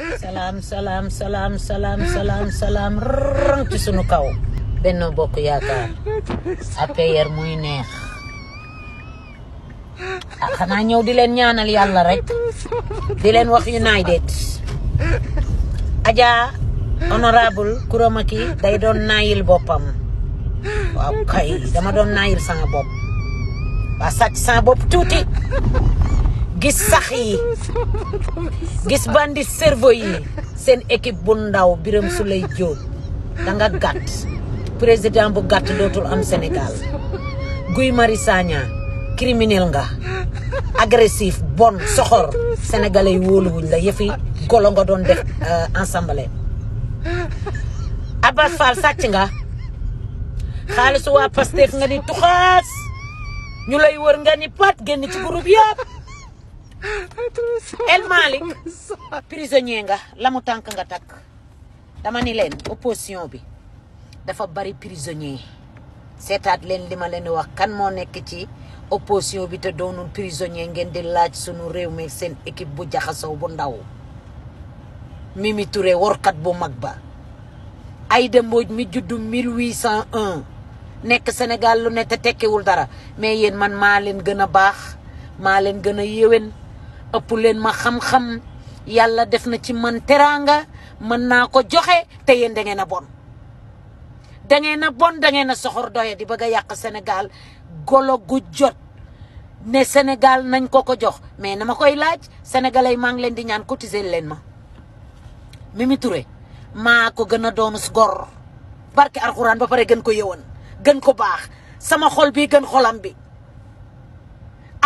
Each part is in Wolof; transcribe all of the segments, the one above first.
Salam salam salam salam salam salam rëng ci sunu kaw Benno Bokk Yaakaar APR muy neex ah xanaa di leen ñaanal yàlla rek di leen wax United aja honorable Kouramaki day doon naayil boppam waaw kay dama doon naayil sama bopp waa sàcc sama bopp gis sax yi gis bandi cerveau yi sen équipe bu ndaw su lay da nga gatt président bu gatt dotul am Sénégal Guy Marisanya, Sagna criminel nga agressif bon soxor sénégalais yi wuñ la yefi golo nga don def euh, ensemble Abbas Fall sacc nga xalisu wa Pastef nga di tukhas ñu wër nga ni pat genn ci groupe yapp El Malick prisonnier nga la mu tànk nga takk dama ni leen opposition bi dafa bari prisonnier seetaat leen li ma leen wax kan moo nekk ci opposition bi te doonul prisonnier ngeen di laaj sunu réew mi seen équipe bu jaxasoo bu ndaw Mimi Touré workat bu mag ba Aïda Mbodj mi juddu 1801 nekk Sénégal lu ne te tekkiwul dara mais yéen man maa leen gën a baax maa leen gën a yéwén ëpp leen ma xam-xam yàlla def na ci man teraanga mën naa ko joxe te yéen da ngeen a bon dangeen ngeen bon da a soxor doye di bëgg a yàq senegal golo gu jot ne senegal nañ ko ko jox mais na ma koy laaj sénégalais maa ngi leen di ñaan cotiser leen ma Mimi Touré maa ko gën a doonu gor barke alxuraan ba pare gën ko yëwan gën ko baax sama xol bi gën xolam bi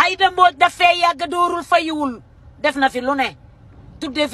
Aïda Mbodj da fee yàgg dóorul fayiwul def na fi lu ne tuddee